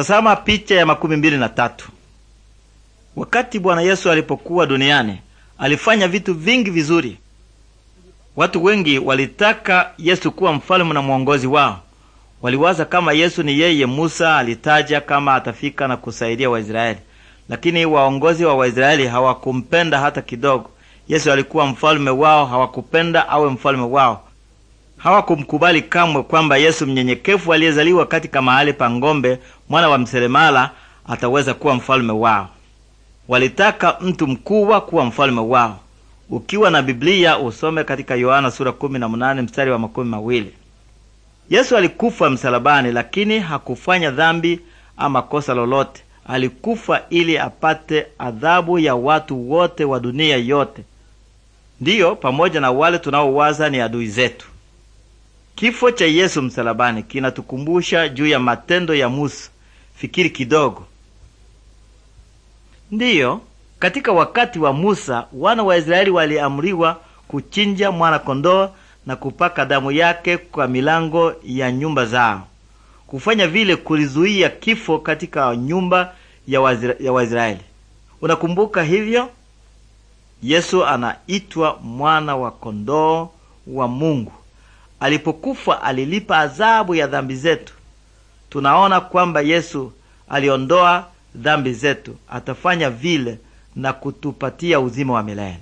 Tazama picha ya makumi mbili na tatu. Wakati Bwana Yesu alipokuwa duniani alifanya vitu vingi vizuri. Watu wengi walitaka Yesu kuwa mfalme na mwongozi wao. Waliwaza kama Yesu ni yeye Musa alitaja kama atafika na kusaidia Waisraeli, lakini waongozi wa Waisraeli hawakumpenda hata kidogo. Yesu alikuwa mfalme wao, hawakupenda awe mfalme wao hawakumkubali kamwe kwamba Yesu mnyenyekevu aliyezaliwa katika mahali pa ng'ombe, mwana wa mseremala, ataweza kuwa mfalume wao. Walitaka mtu mkubwa kuwa mfalume wao. Ukiwa na Biblia usome katika Yohana sura 18 mstari wa makumi mawili. Yesu alikufa msalabani, lakini hakufanya dhambi ama kosa lolote. Alikufa ili apate adhabu ya watu wote wa dunia yote, ndiyo pamoja na wale tunaowaza ni adui zetu. Kifo cha Yesu msalabani kinatukumbusha juu ya matendo ya Musa. Fikiri kidogo. Ndiyo, katika wakati wa Musa wana wa Israeli waliamriwa kuchinja mwana kondoo na kupaka damu yake kwa milango ya nyumba zao. Kufanya vile kulizuia kifo katika nyumba ya Waisraeli ya Waisraeli. Unakumbuka hivyo? Yesu anaitwa mwana wa kondoo wa Mungu alipokufa alilipa adhabu ya dhambi zetu. Tunaona kwamba Yesu aliondoa dhambi zetu, atafanya vile na kutupatia uzima wa milele.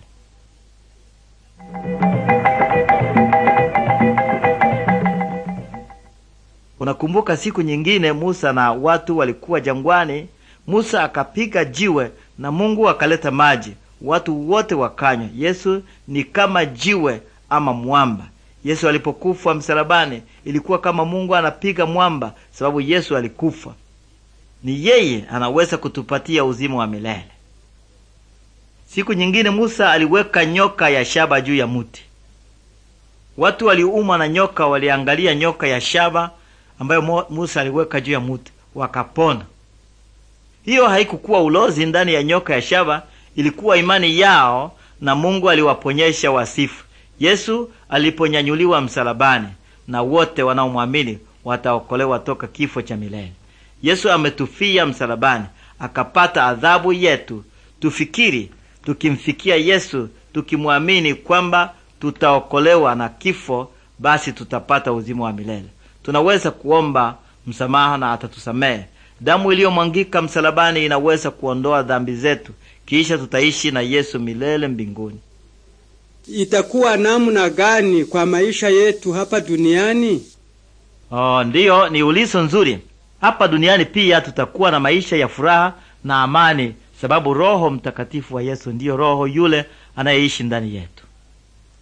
Unakumbuka siku nyingine Musa na watu walikuwa jangwani. Musa akapiga jiwe na Mungu akaleta maji, watu wote wakanywa. Yesu ni kama jiwe ama mwamba. Yesu alipokufa msalabani, ilikuwa kama Mungu anapiga mwamba, sababu Yesu alikufa. Ni yeye anaweza kutupatia uzima wa milele. Siku nyingine Musa aliweka nyoka ya shaba juu ya muti. Watu waliumwa na nyoka, waliangalia nyoka ya shaba ambayo Musa aliweka juu ya muti, wakapona. Hiyo haikukuwa ulozi ndani ya nyoka ya shaba, ilikuwa imani yao, na Mungu aliwaponyesha wasifu. Yesu aliponyanyuliwa msalabani, na wote wanaomwamini wataokolewa toka kifo cha milele. Yesu ametufia msalabani, akapata adhabu yetu. Tufikiri tukimfikia Yesu, tukimwamini kwamba tutaokolewa na kifo, basi tutapata uzima wa milele. Tunaweza kuomba msamaha na atatusamehe. Damu iliyomwangika msalabani inaweza kuondoa dhambi zetu, kisha tutaishi na Yesu milele mbinguni itakuwa namna gani kwa maisha yetu hapa duniani? Oh, ndiyo, ni ulizo nzuri. Hapa duniani pia tutakuwa na maisha ya furaha na amani, sababu Roho Mtakatifu wa Yesu ndiyo Roho yule anayeishi ndani yetu.